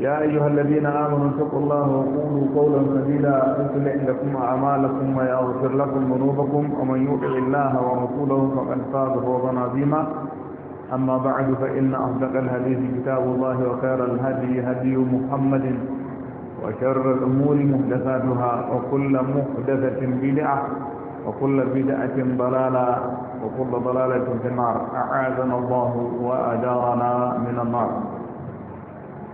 يا أيها الذين آمنوا اتقوا الله وقولوا قولا سديدا يصلح لكم أعمالكم ويغفر لكم ذنوبكم ومن يطع الله ورسوله فقد فاز فوزا عظيما أما بعد فإن أصدق الحديث كتاب الله وخير الهدي هدي محمد وشر الأمور محدثاتها وكل محدثة بدعة وكل بدعة ضلالة وكل ضلالة في النار أعاذنا الله وأجارنا من النار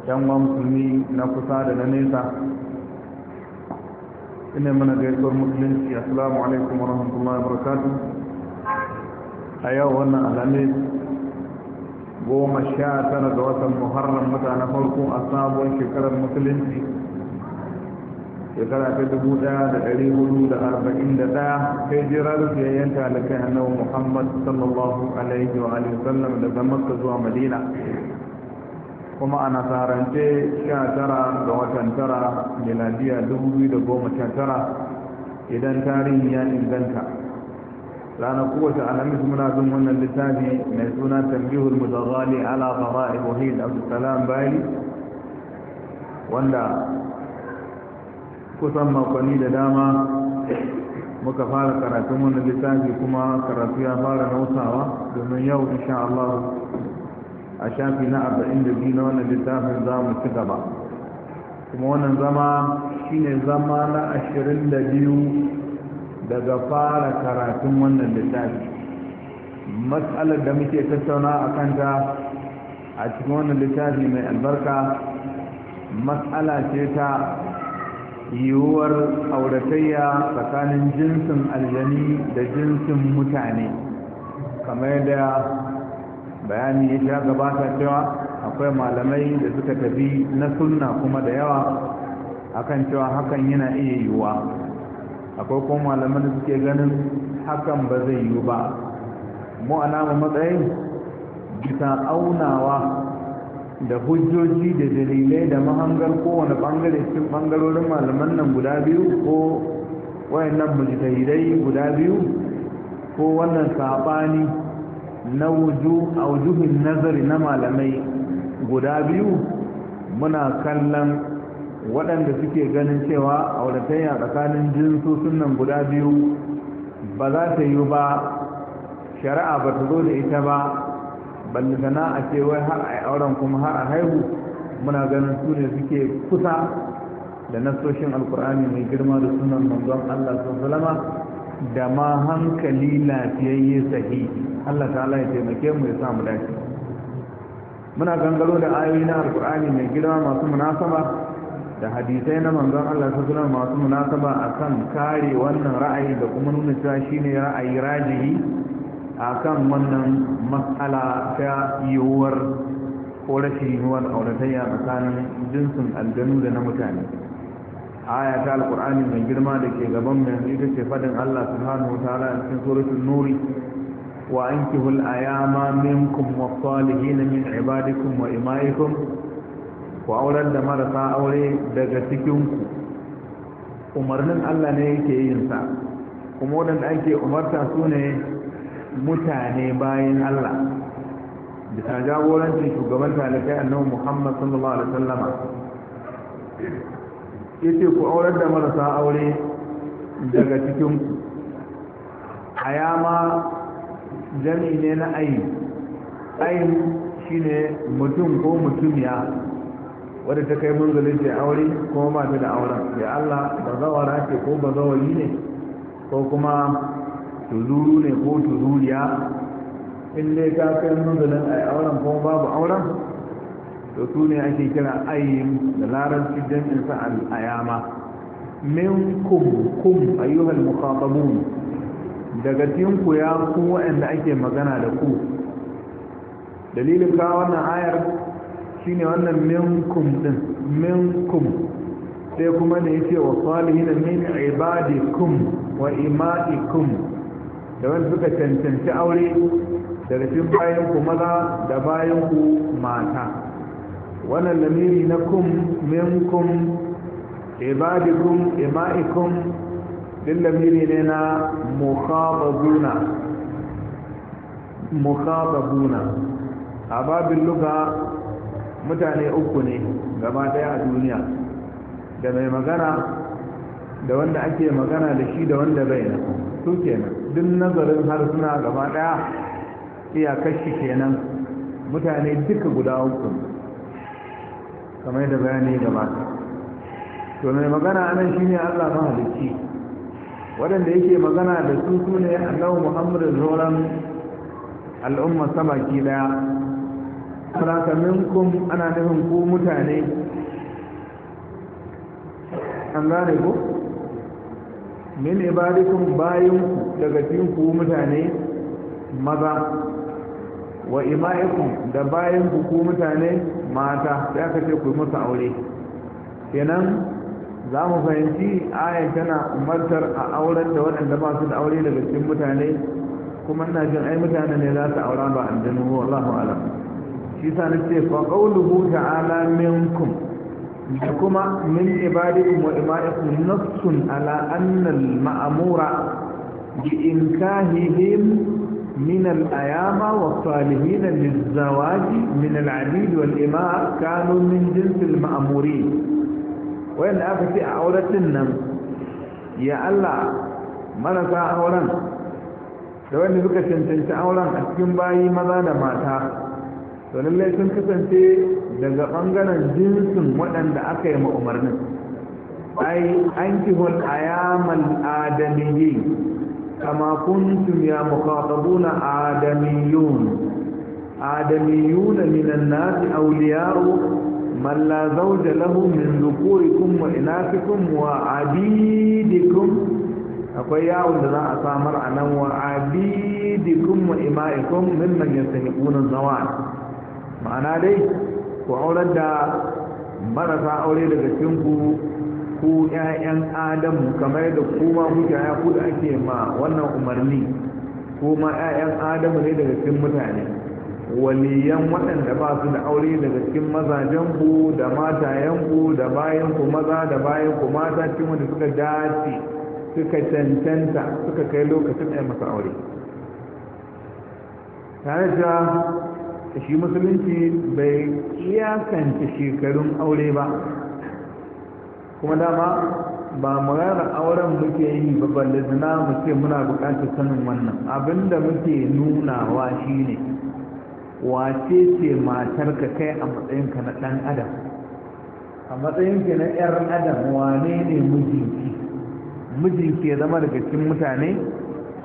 yan musulmi na kusa da na nesa ina mana gaisuwar musulunci assalamu alaikum wa rahmatullahi wa barakatu a yau wannan alhamis goma sha tara ga watan muharram wata na farko a sabon shekarar musulunci shekara ta dubu daya da dari hudu da arba'in da daya kai jira rufiyayyen talakai annabi muhammad sallallahu alaihi wa wa wasallam daga makka zuwa madina kuma a nasarance tara ga watan tara miladiya 2019 idan tarihin ya inganta ranar kowace alhamis muna bin wannan littafi mai suna tambihul mudaghali ala fara ibrahim abdulsalam bayi wanda kusan makonni da dama muka fara karatun wannan littafi kuma karatu ya fara nausawa domin yau insha Allah a shafi na arba'in da biyu na wannan littafin za mu ci gaba kuma wannan zama shine zama na ashirin da biyu daga fara karatun wannan littafi matsalar da muke tattauna a kanta a cikin wannan littafi mai albarka matsala ce ta yiwuwar auratayya tsakanin jinsin aljani da jinsin mutane kamar yadda bayani ya sha gabata cewa akwai malamai da suka tafi na sunna kuma da yawa akan cewa hakan yana iya yiwuwa akwai kuma malaman da suke ganin hakan ba zai yiwu ba mu alama matsayin bisa aunawa da hujjoji da dalilai da mahangar kowane bangare cikin bangarorin malaman nan guda biyu ko wayannan mujtahidai guda biyu ko wannan sabani na wujuhin nazari na malamai guda biyu muna kallon waɗanda suke ganin cewa auratayya tsakanin jinsu nan guda biyu ba za ta yi ba shari'a ba ta zo da ita ba sana a ce wai har a auren kuma har a haihu muna ganin su ne suke kusa da nasoshin alkur'ani mai girma da sunan manzon allah sun salama da ma hankali lafiyayye sahi Allah ta'ala ya taimake mu ya samu dace muna gangaro da ayoyi na alkur'ani mai girma masu munasaba da hadisai na manzon Allah ta masu munasaba akan kare wannan ra'ayi da kuma nuna cewa shine ra'ayi rajihi kan wannan matsala ta yiwuwar ko rashin yiwuwar auratayya tsakanin jinsin aljanu da na mutane aya ta alkur'ani mai girma da ke gaban mu ita ce fadin Allah subhanahu wa ta'ala a cikin suratul nuri wa ankihul ayama minkum wa salihin min ibadikum wa imaikum ku aurar da marasa aure daga cikin ku umarnin Allah ne yake yin sa kuma wadanda ake umarta su ne mutane bayan Allah bisa jagoranci shugaban talibai annabi Muhammad sallallahu alaihi wasallama yace ku aurar da marasa aure daga cikin ku ayama jami ne na ayin ayin shine mutum ko mutumiya wadda ta kai munzalin ce aure ko ma ta da auren ya Allah bazawara ce ko bazawali ne ko kuma tuzuru ne ko tuzuriya in dai ka kai munzalin a auren ko babu auren to ne ake kira ayyim da larabci jami'in sa al'ayama min kum kum ayyuhal mukhatabun daga cikin ku ya ku waɗanda ake magana da ku dalilin ka wannan ayar shine wannan min kum din min kum sai kuma ne yace wa salihin min ibadikum wa imaikum da wanda suka cancanci aure daga cikin bayan ku maza da bayan ku mata wannan lamiri na kum minkum ibadikum ima'ikum din lamiri ne na mukhatabuna mukhatabuna a babin luga mutane uku ne gaba daya a duniya da mai magana da wanda ake magana da shi da wanda bai na su kenan duk nazarin harsuna gaba daya iya kashi kenan mutane duka guda uku kamar da bayani gabata to mai magana anan shine Allah mahalicci waɗanda yake magana da su su ne annabi Muhammad sauran al'umma sama ki daya saraka ana nufin ku mutane an gane ku min ibadikum bayin daga cikin ku mutane maza wa ima'ikum da bayin ku mutane mata sai aka ce ku yi musu aure kenan za mu fahimci ayan tana umartar a auren da waɗanda ba su da aure daga cikin mutane kuma ina jin ai mutane ne za su aura ba aljanu wallahu alam shi sa na ce fa qawluhu ta'ala minkum da kuma min ibadikum wa imaikum nafsun ala anna al-ma'mura bi inkahihim من الأيام والصالحين للزواج من العبيد والإماء كانوا من جنس المأمورين وين أفتي تنم يا الله من سأولا لو أن بك تنتنت أولا أسكن باي ماذا ماتا to lallai sun kasance daga ɓangaren jinsin waɗanda aka yi ma'umarnin ai an kihon ayamal adamiyyi كما كنتم يا مخاطبون آدميون آدميون من الناس أولياء من لا زوج له من ذكوركم وإناثكم وعبيدكم akwai yawon da za a samar a nan wa abidikum wa ima'ikum mimman yastahiquna zawal ma'ana dai ku aurar da marasa aure daga cikin ku ƴaƴan adamu kamar da kuma mutane ku da ake ma wannan umarni kuma ƴaƴan adamu ne daga cikin mutane waliyan waɗanda ba su da aure daga cikin mazajen ku da matayen ku da bayan ku maza da bayan ku mata cikin wanda suka dace suka cancanta suka kai lokacin ɗaya masa aure tare da shi musulunci bai iyakanta shekarun aure ba kuma dama ba magana auren muke yi ba balle zina muke muna buƙatar sanin wannan abinda muke nunawa shine wace ce matar ka kai a matsayinka na ɗan adam a matsayinka na 'yar adam wane ne mijinki mijinki ya zama daga cikin mutane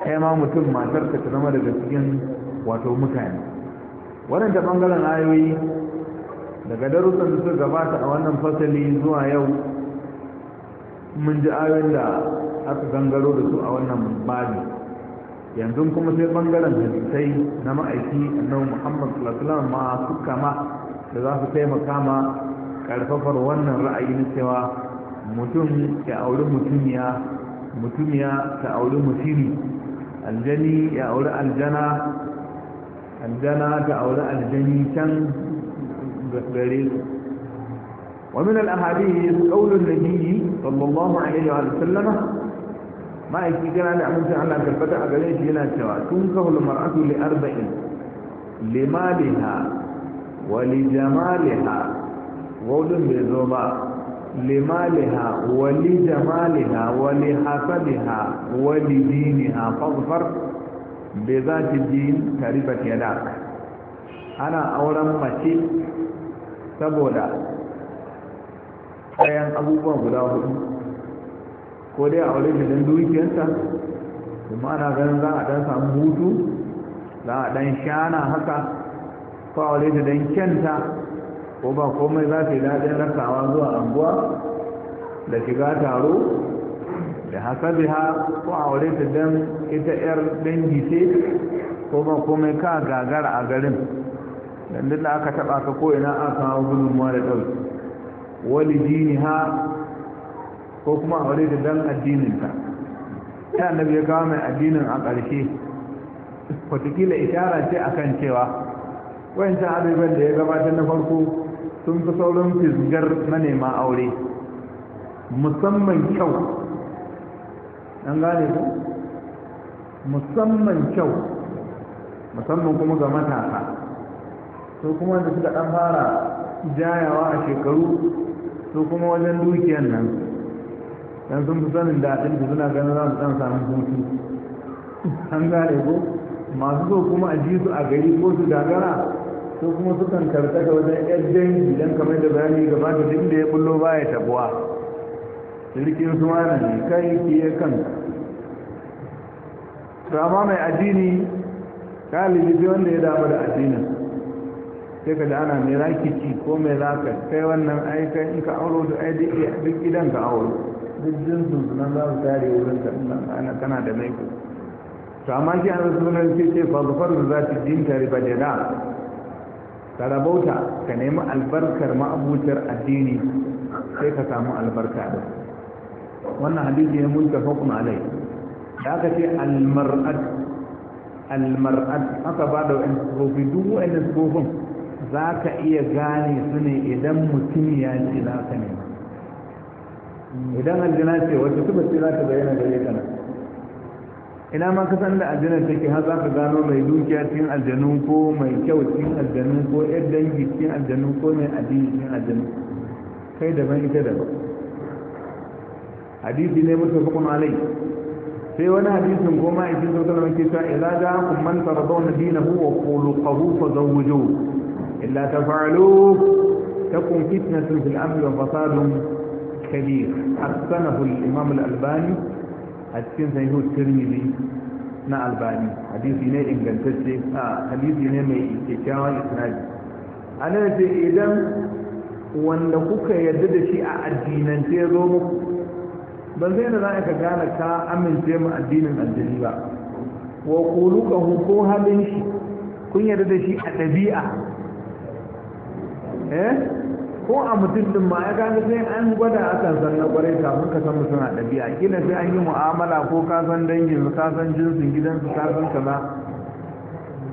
kai ma mutum matar ka ta zama daga cikin wato mutane Wannan da ɓangaren ayoyi daga darussan da suka gabata a wannan fasali zuwa yau mun ji ayoyin da aka gangaro da su a wannan babi yanzu kuma sai bangaren hadisai na ma'aiki annabi muhammad sallallahu alaihi wasallam masu kama da za su taimaka ma karfafar wannan ra'ayi na cewa mutum ya auri mutumiya mutumiya ta auri mutumi aljani ya auri aljana aljana ta auri aljani can gare su ومن الأحاديث قول النبي sallallahu alaihi wa sallama ma'aiki kana da amincin Allah tabbata a gare shi yana cewa tun kahul mar'atu li arba'in limaliha wa li jamaliha waudun bai zo ba limaliha wa jamaliha wa li hasabiha wa li diniha faghfar bi zati din taribat yadak ana auren mace saboda ɗayan abubuwa guda hudu ko dai a wale shi dukiyarsa kuma ana ganin za a ɗan samu hutu za a ɗan shana haka ko a wale shi kyanta ko ba komai za ta yi daɗin rasawa zuwa anguwa da shiga taro da haka hasabiha ko a wale ta ita 'yar dangi ce ko ba komai ka gagara a garin don aka taɓa ka ko ina aka kawo gudunmuwa da ɗauki wani dini ha ko kuma aure da dan addininta ya annabi ya kawo mai addinin a ƙarshe wataƙila ishara ce kan cewa wayancan abubuwan da ya gabatar na farko sun fi saurin fisgar manema aure musamman kyau an gane ku musamman kyau musamman kuma ga matasa su kuma da suka ɗan fara jayawa a shekaru su kuma wajen dukiyar nan dan sun fi sanin daɗin da suna ganin za su ɗan samu hutu an gane ko masu so kuma a ji su a gari ko su gagara su kuma sukan ga wajen yan dangi dan kamar da bayani gaba da duk da ya bullo ba ya tabuwa sirkin su ma nan kai fiye kan rama mai addini galibi wanda ya damu da addinin sai ka da ana mai rakici ko mai zaka kai wannan aika in ka auro da ai duk gidan ka auro duk jin su nan za su tare wurin ka ana kana da mai to amma shi an rasu nan ce ce falsafar da za ta jinta riba da da ka rabauta ka nemi albarkar ma'abutar addini sai ka samu albarka da wannan hadisi ne mulka hukum alai da aka ce al almar'at aka ba da wa'in duk wa'in sufofin za ka iya gane su ne idan mutum ya ce za ka ne idan aljina ce wata tuba ce za ka bayyana gare ka nan ina ma kasan da aljinar take har za ka gano mai dukiya cikin aljanu ko mai kyau cikin aljanu ko yar dangi cikin aljanu ko mai addini cikin aljanu kai daban ita daban hadisi ne mutum hukun alai sai wani hadisin ko ma'aikin sautar mai kisa idan ja kun man tarzau na dinahu wa kulukahu fa zawujuhu إلا تفعلوه تكن فتنة في الأمر وفساد كبير حسنه الإمام الألباني أتكن سيهو الترمذي نا ألباني حديثي ني إنجلتشي آه حديثي مي إكاوى إسنادي أنا إذا wanda kuka yarda da shi a addinance ya zo muku ban sai da za ka gane ka amince mu addinin addini ba wa kulukahu shi kun yarda da shi a ɗabi'a eh ko a mutum din ma ya gani sai an gwada kan san na kwarai kafin ka san mutum a ɗabi'a kila sai an yi mu'amala ko ka san dangin su ka san jinsin su ka san kaza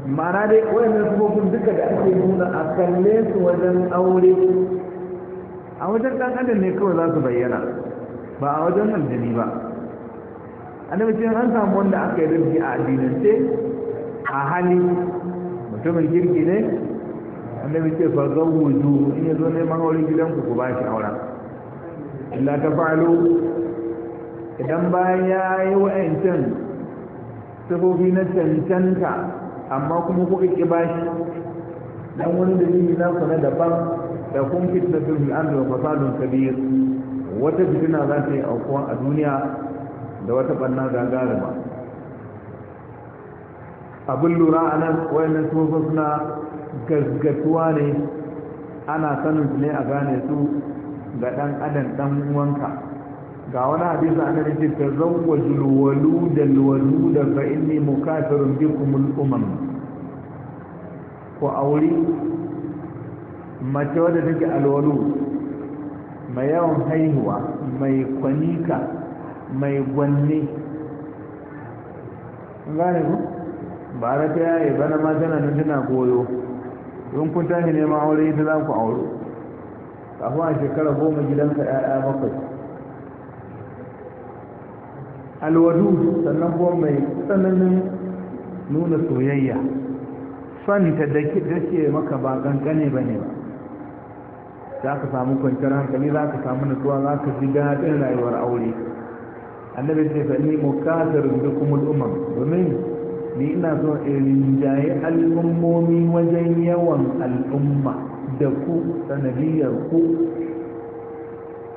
ma'ana dai wayannan sufofin duka da ake nuna a kalle su wajen aure a wajen ɗan adam ne kawai za su bayyana ba a wajen aljini ba annabi ce an samu wanda aka yi rufi a addinance a hali mutumin kirki ne annabi ce fa zawwaju in yazo neman wurin gidanku ku ba shi aura illa ta idan bayan ya yi wa'ancan sabobi na cancanta amma kuma ku ƙi ba shi dan wani dalili na ku na daban da kun fitna fil ardi wa fasadun kabir wata fitina za ta yi aukuwa a duniya da wata banna gagaruma abin lura a nan wayannan sufofin suna gaggatuwa ne ana sanin su ne a gane su ga ɗan adam ɗan wanka. ga wani hadisi an da ce ta da waludal da fa'in ne mukafirun bikum al umar ko auri mace wadda take alwalu mai yawan haihuwa mai kwanika mai gwanne gane ku ba ta yaye bana ma tana nan tana goyo in kun tashi neman aure ita za ku aure kafin a shekara goma gidanka ya'ya bakwai alwadu sannan kuma mai tsananin nuna soyayya santa da ke maka ba kankane ba ne ba za ka samu kwanciyar hankali za ka samu nutsuwa za ka ji daɗin rayuwar aure annabi ce fa ni mukasirun bikumul umam domin ni ina so in rinjaye al'ummomi wajen yawan al'umma da ku sanadiyar ku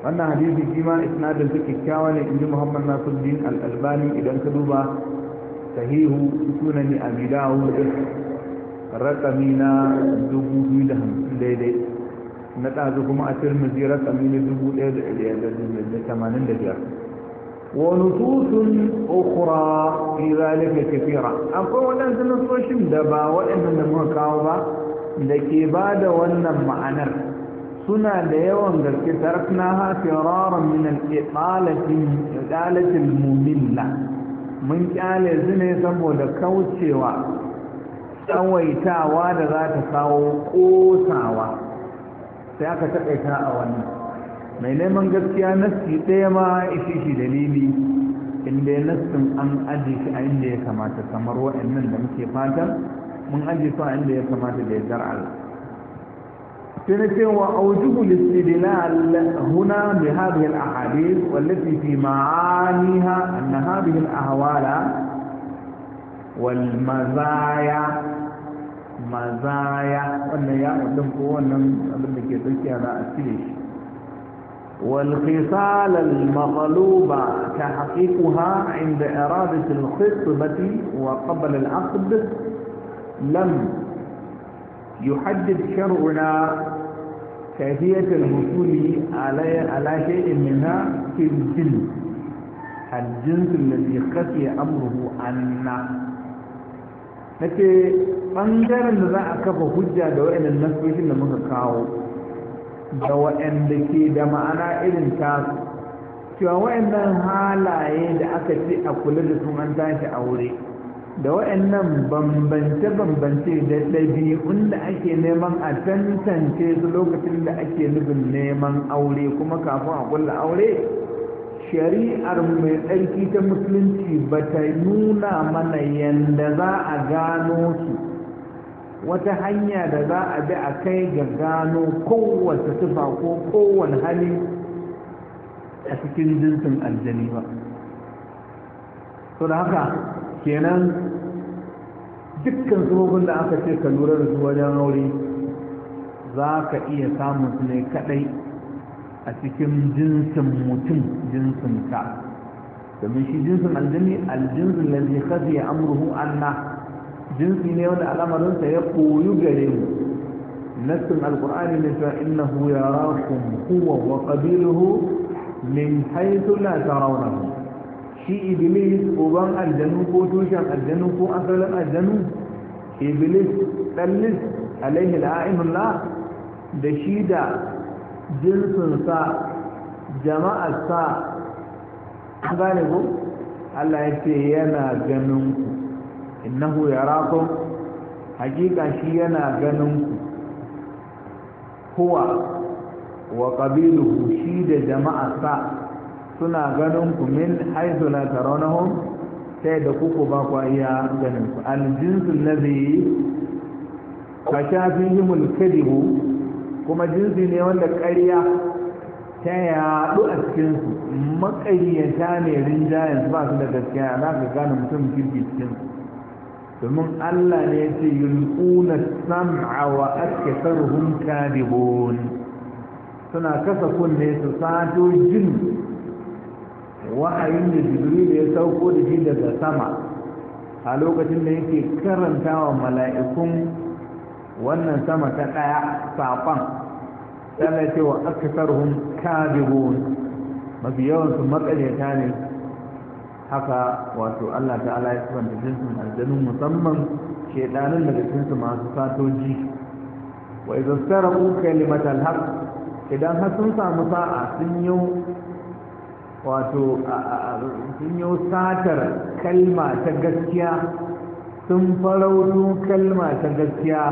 wannan hadisi shi ma isnadin su kyakkyawa ne inji muhammad nasiruddin al-albani idan ka duba sahihu sunani abu abi dawud rakami na dubu biyu da hamsin daidai na ɗazu kuma a tirmizi rakami na dubu ɗaya da da da da 1185 ونصوص أخرى في ذلك كثيرة أقول وأن تنصوش دبا وإن لم يكاوبا لكي بعد وأن معنى سنة ليوان ذلك تركناها فرارا من الإطالة إطالة المملة من قال يزن يسمو لكوتشوا tsawaitawa da za ta kawo kosawa sai aka taƙaita mai neman gaskiya nassi ɗaya ma ishi shi dalili inda ya nassin an aji shi a inda ya kamata kamar waɗannan da muke fata mun aji su a inda ya kamata da yardar Allah sai na ce wa aujubu listidlal huna bi hadhihi al ahadith wallati fi ma'aniha anna hadhihi al ahwala wal mazaya mazaya wannan ya ɗin ko wannan abin da ke tsakiya za a cire shi والخصال المغلوبة تحقيقها عند إرادة الخطبة وقبل العقد لم يحدد شرعنا كيفية الوصول على على شيء منها في الجنس الجنس الذي خفي أمره عنا لكن ɓangaren da za a kafa hujja da wa'annan nasoshin da waɗanda ke da ma'ana irin tasu cewa waɗannan halaye da aka ce a kula da sun an tashi aure da waɗannan bambance-bambance da ɗabi'un da ake neman a tantance su lokacin da ake nufin neman aure kuma kafin a kulla aure shari'ar mai tsarki ta musulunci ba ta nuna mana yadda za a gano su wata hanya da za a bi a kai ga gano kowace sufa ko kowane hali a cikin jinsin aljani ba to da haka kenan dukkan tsohon da aka ce ka lura da su wajen aure za ka iya samun su ne kadai a cikin jinsin mutum jinsin ka domin shi jinsin aljani aljinsin lalzi ya amurhu anna jinsi ne wanda al'amarinsa ya koyu gare mu nassin alkur'ani ne cewa innahu yarakum huwa wa qabiluhu min haythu la tarawnahu shi iblis uban aljanu ko tushen aljanu ko asalin aljanu iblis dallis alaihi la'inullah da shi da jinsinsa jama'arsa an gane ko Allah ya ce yana ganin ku innahu yarakum haƙiƙa shi yana ganin ku huwa wa qabiluhu shi da jama'a sa suna ganin ku min haythu la tarawnahum sai da kuku ba kwa iya ganin ku aljinsu lazi ka shafin himul kadibu kuma jinsi ne wanda ƙarya ta yaɗu a cikinsu maƙayyata ne rinjayen ba su da gaskiya za ka gane mutum jirgin cikinsu domin Allah ne ya ce yulquna sam'a wa aktharuhum kadibun suna kasa kunne su sato jin wa'ayin da jibril ya sauko da shi daga sama a lokacin da yake karanta wa mala'ikun wannan sama ta ɗaya saƙon ce wa aksaruhum kadibun mafi yawansu maƙaryata ne haka wato Allah ta'ala ya sifanta jinsin aljanun musamman shedanin daga jinsu masu satoji wa idan saraku kalimatal haq idan har sun samu sa'a sun yi wato sun yi satar kalma ta gaskiya sun farautu kalma ta gaskiya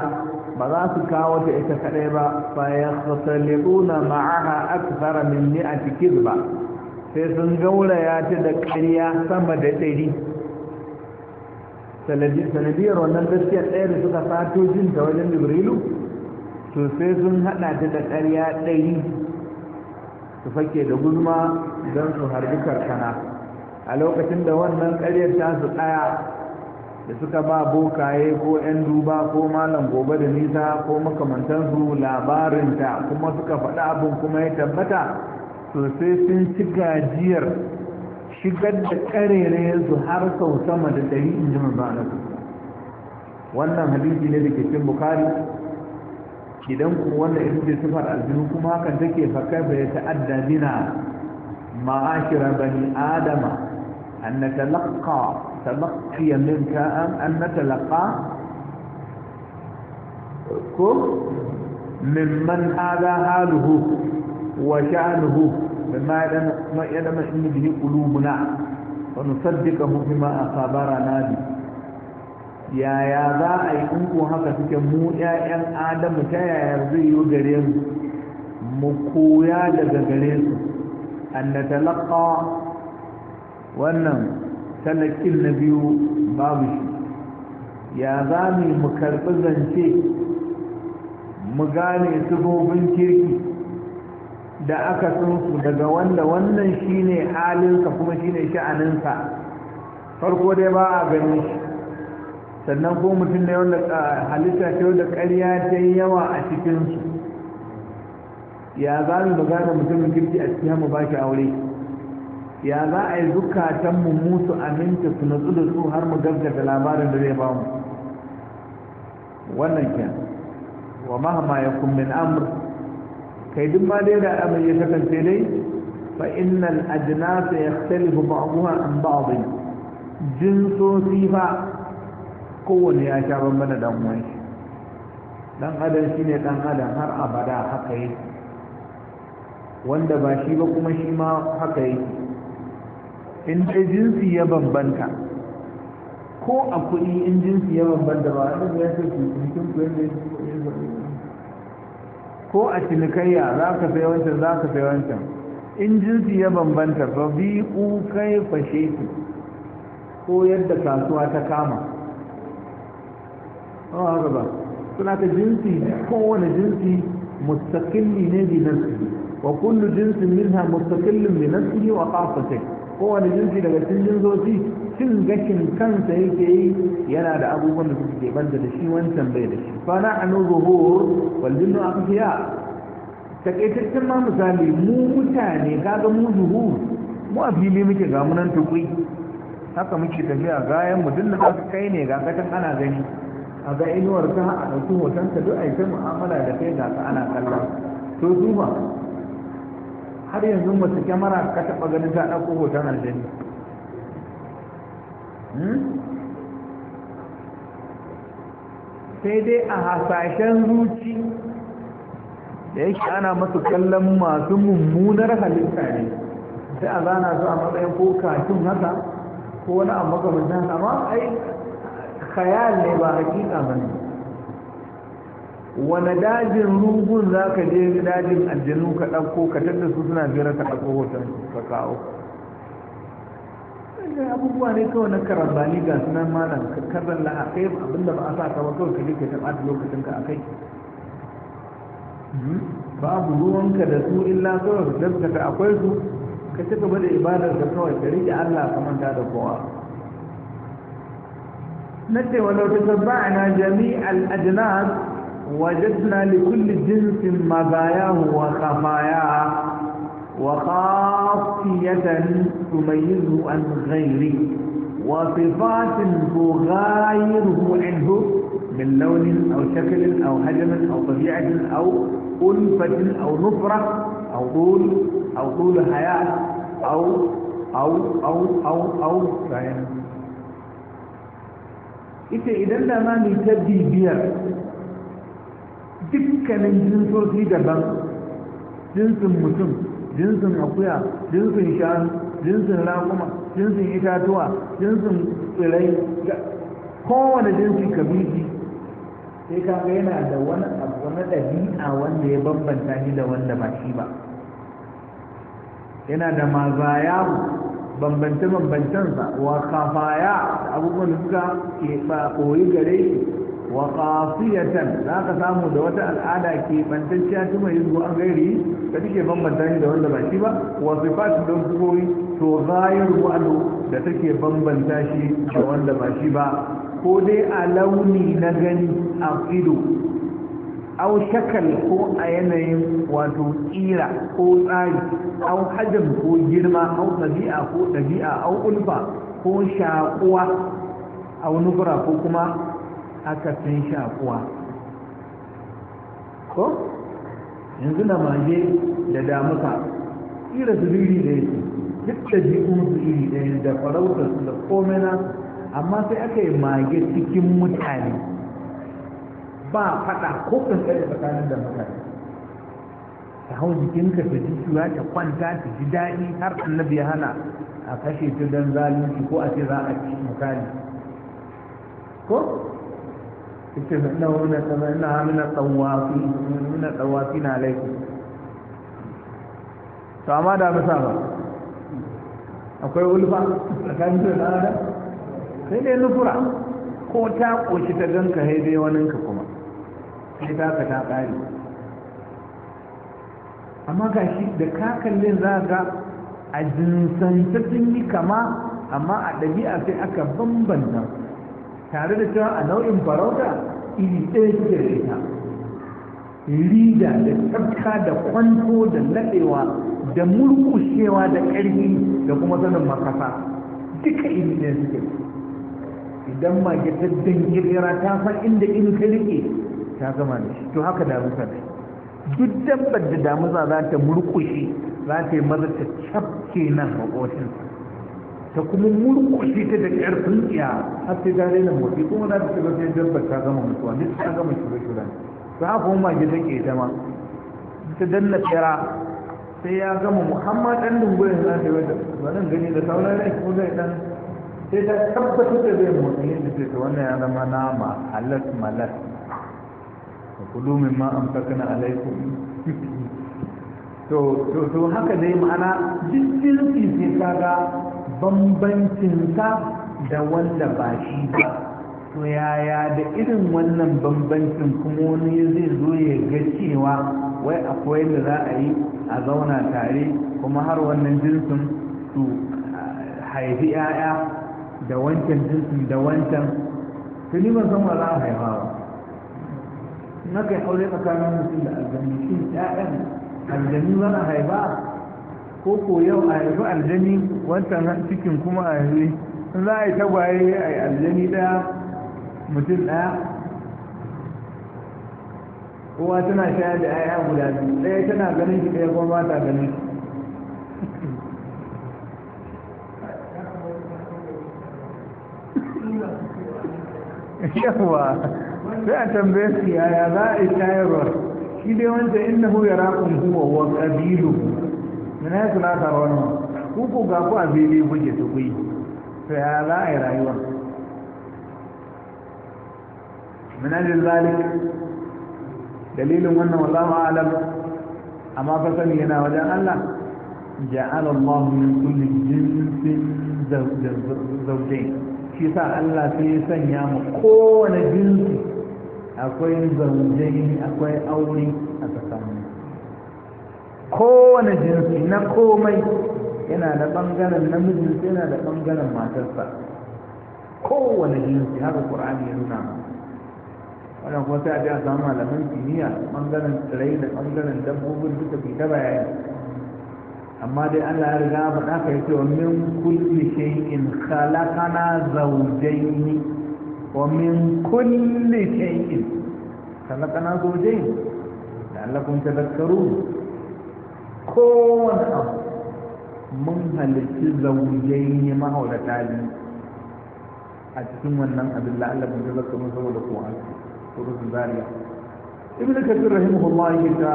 ba za su kawo ta ita kadai ba fa yakhtaliquna ma'aha akthara min mi'ati kizba sai sun gauraya ta da ƙarya sama da ɗari sanadiyar wannan gaskiyar ɗaya da suka sato jinta wajen jibrilu to sai sun haɗa ta da ƙarya ɗari su fake da guzma don su harbi karkana a lokacin da wannan ƙaryar ta su ɗaya da suka ba bokaye ko 'yan duba ko malam gobe da nisa ko makamantansu labarinta kuma suka faɗa abin kuma ya tabbata sosai sun ci gajiyar shigar da karere su har sau sama da ɗari in ji su wannan hadisi ne da ke cin bukari idan ku wanda ita ce sufar aljihu kuma hakan take fakar bai ta'adda bina ma'ashira bani adama an na talaka talakiya min ka'an an na talaka ko mimman hada haluhu wa sha'anuhu mimma ya dama inna bihi qulubuna wa nusaddiqahu bima akhbarana bi yaya za a yi in haka suke mu yayan adamu ta yaya zai yi gare mu mu koya daga gare su an natalaqa wannan talakin na biyu babu shi ya za mu karɓi zance mu gane sufofin kirki da aka su daga wanda wannan shine halinsa kuma shine sha'aninsa farko dai ba a gani shi sannan ko mutum ne wanda halitta ce wanda ƙarya ta yi yawa a cikinsu ya za mu magana mutumin kirki a cikin mu ba shi aure ya za a yi zukatan mu musu aminta su natsu da su har mu gaggata labarin da zai ba mu wannan kyan wa mahama ya kun min amur kai duk ma dai da abin ya kasance dai fa innal ajnas yakhtalifu ba'daha an ba'd jinsosi fa kowanne ya sha bambana dan wani shi dan adam shine dan adam har abada haka yake wanda ba shi ba kuma shi ma haka yake in dai jinsi ya bambanta ko a kuɗi in jinsi ya bambanta ba ɗin ya ce jikin ku yadda ya ko a cinikayya za ka sai wancan za ka sai wancan in jinsi ya bambanta ba bi ku kai fashe su ko yadda kasuwa ta kama ba haka ba suna ta jinsi kowane jinsi mustaqilli ne bi nafsihi wa kullu jinsin minha mustaqillun bi nafsihi wa khassatin kowane jinsi daga cikin jinsoci cin gashin kansa yake yi yana da abubuwan da suke banza da shi wancan bai da shi fa na anu zuhur nuna jinnu fiya takaitaccen ma misali mu mutane kaga mu zuhur mu a fili muke ga munan tukui haka muke tafiya gayan mu dinna ka kai ne ga katan ana gani a ga inuwar ta a ɗauki hoton ta duk a yi ta mu'amala da kai ga ka ana kallon to duba, har yanzu mace kyamara ka taɓa ganin ta ɗauko hoton aljani Hmm? sai dai a hasashen zuci da yake ana masu kallon masu mummunar halitta ne sai a zana su a matsayin ko kashin haka ko wani abu makamancin haka amma ai kayan ne ba hakika ba ne wani dajin rugun za ka je dajin aljanu ka ɗauko ka su suna jira ka ɗauko hoton ka kawo ga abubuwa ne kawai na karambani ga sunan malam ka karran la akai abinda ba a sa ka ba kawai ka je ka taba lokacin ka akai hmm? babu ruwanka da su illa kawai ka ta akwai su ka ci gaba da ibadar ka kawai ka rike Allah ka manta da kowa nace walau tasabba'na jami'al ajnas wajadna li kulli jinsin magayahu wa khafaya وخاصية تميزه عن غيره وصفات تغايره عنه من لون أو شكل أو حجم أو طبيعة أو ألفة أو نفرة أو طول أو طول حياة أو أو أو أو أو فاهم إذا إذا da ma mai ta bibiyar جنسه jinsosi daban jinsin jinsin akuya jinsin shanu jinsin raƙuma jinsin itatuwa jinsin tsirai kowane jinsi ka biji sai kaga yana da wani abu na ɗabi'a wanda ya bambanta shi da wanda ba shi ba yana da mazaya bambance-bambancensa wa kafaya da abubuwan da suka ke ɓoyi gare shi wa kafiyatan za ka samu da wata al'ada ke ɓantacciya ta mai yin an gairi da take bambanta ni da wanda ba shi ba wa sifatu don sifofi to zahir wa'adu da take bambanta shi da wanda ba ba ko dai a launi na gani a ido au shakal ko a yanayin wato tsira ko tsari au hajam ko girma au tabi'a ko ɗabi'a au ulfa ko shakuwa wani nufura ko kuma akasin shakuwa yanzu na mage da damuka tsira su iri da yake duk da jikin su iri ɗaya da farautar su da komai amma sai aka yi mage cikin mutane ba faɗa ko kankare tsakanin da mutane ta hau jikinka ta ji ta kwanta ta ji daɗi har annabi ya hana a kashe ta don zalunci ko a ce za a ci mutane, ko yace inna hu min inna min tawafi min tawafi na alaikum to amma da ba saba akwai ulfa tsakanin da da sai dai nufura ko ta koshi ta ganka sai dai wani ka kuma sai ta ka ta kare amma shi da ka kallin za ka a jinsanta sun kama amma a ɗabi'a sai aka bambanta tare da cewa a nau'in farauta iri ɗaya suke da ita rida da tsabta da kwanto da naɗewa da murƙushewa da ƙarfi da kuma sanin makasa duka iri ɗaya suke idan ga ta dangirgira ta san inda in ka riƙe ta zama da shi to haka ta da duk dabbar da damu za ta murkushe za ta yi maza ta cafke nan maƙoshinsa ta kuma murkushe ta da ƙarfin iya har sai dare na motsi kuma za ta shiga sai dabbar ta gama mutuwa duk ta gama shiga shiga za a kuma mage ta ke ta ma ta danna tsira sai ya gama muhammad ɗan dungu ya zai da ba nan gani da sauran rai ko zai ɗan sai ta tabbatar da zai motsi yadda sai ta wannan ya zama nama halas malas kulu min ma amsakna alaikum to to to haka dai ma'ana duk jinsi sai ga bambancinsa da wanda ba shi ba to yaya da irin wannan bambancin kuma wani zai zo ya ga cewa wai akwai da za a yi a zauna tare kuma har wannan jinsin su haifi 'ya'ya da wancan jinsin da wancan tuni ban zama za a haifa ba na kai aure tsakanin mutum da aljanu shi 'ya'yan aljanu za a haifa ko ko yau a yanzu aljani wancan cikin kuma a yanzu in za a yi tagwaye a yi aljani ɗaya mutum ɗaya kowa tana shayar da 'ya'ya guda biyu ɗaya tana ganin shi ɗaya kuma ba ta ganin shi yawa sai a tambaye su yaya za a yi shayarwa shi dai wanda innahu yarakum huwa wa ƙabilu ina ya suna taro wani kuku ga ku a fili kuke su ku sai ya za a yi rayuwa min jin zalik dalilin wannan wala ma'alar amma fa sani yana wajen Allah ja'ala Allah min kulli jinsin zawjayn shi sa Allah sai ya sanya mu kowane jinsi akwai zawjayn akwai aure a kowane jinsi na komai yana da ɓangaren namijin yana da ɓangaren matarsa kowane jinsi haka ƙur'ani ya nuna wannan kuma sai a ji a samu malaman kimiyya ɓangaren tsirai da ɓangaren dabbobin duka fita bayani amma dai Allah ya riga faɗa ka yi cewa min kulli shay'in khalaqana zawjayn wa min kulli shay'in khalaqana zawjayn la'allakum tadhakkarun kowane abu mun halittu zaujai ne mahaurata biyu a cikin wannan abin da, la'alla mun zaba kuma saboda ko an surutun zariya ibnu kathir rahimahullah ya ta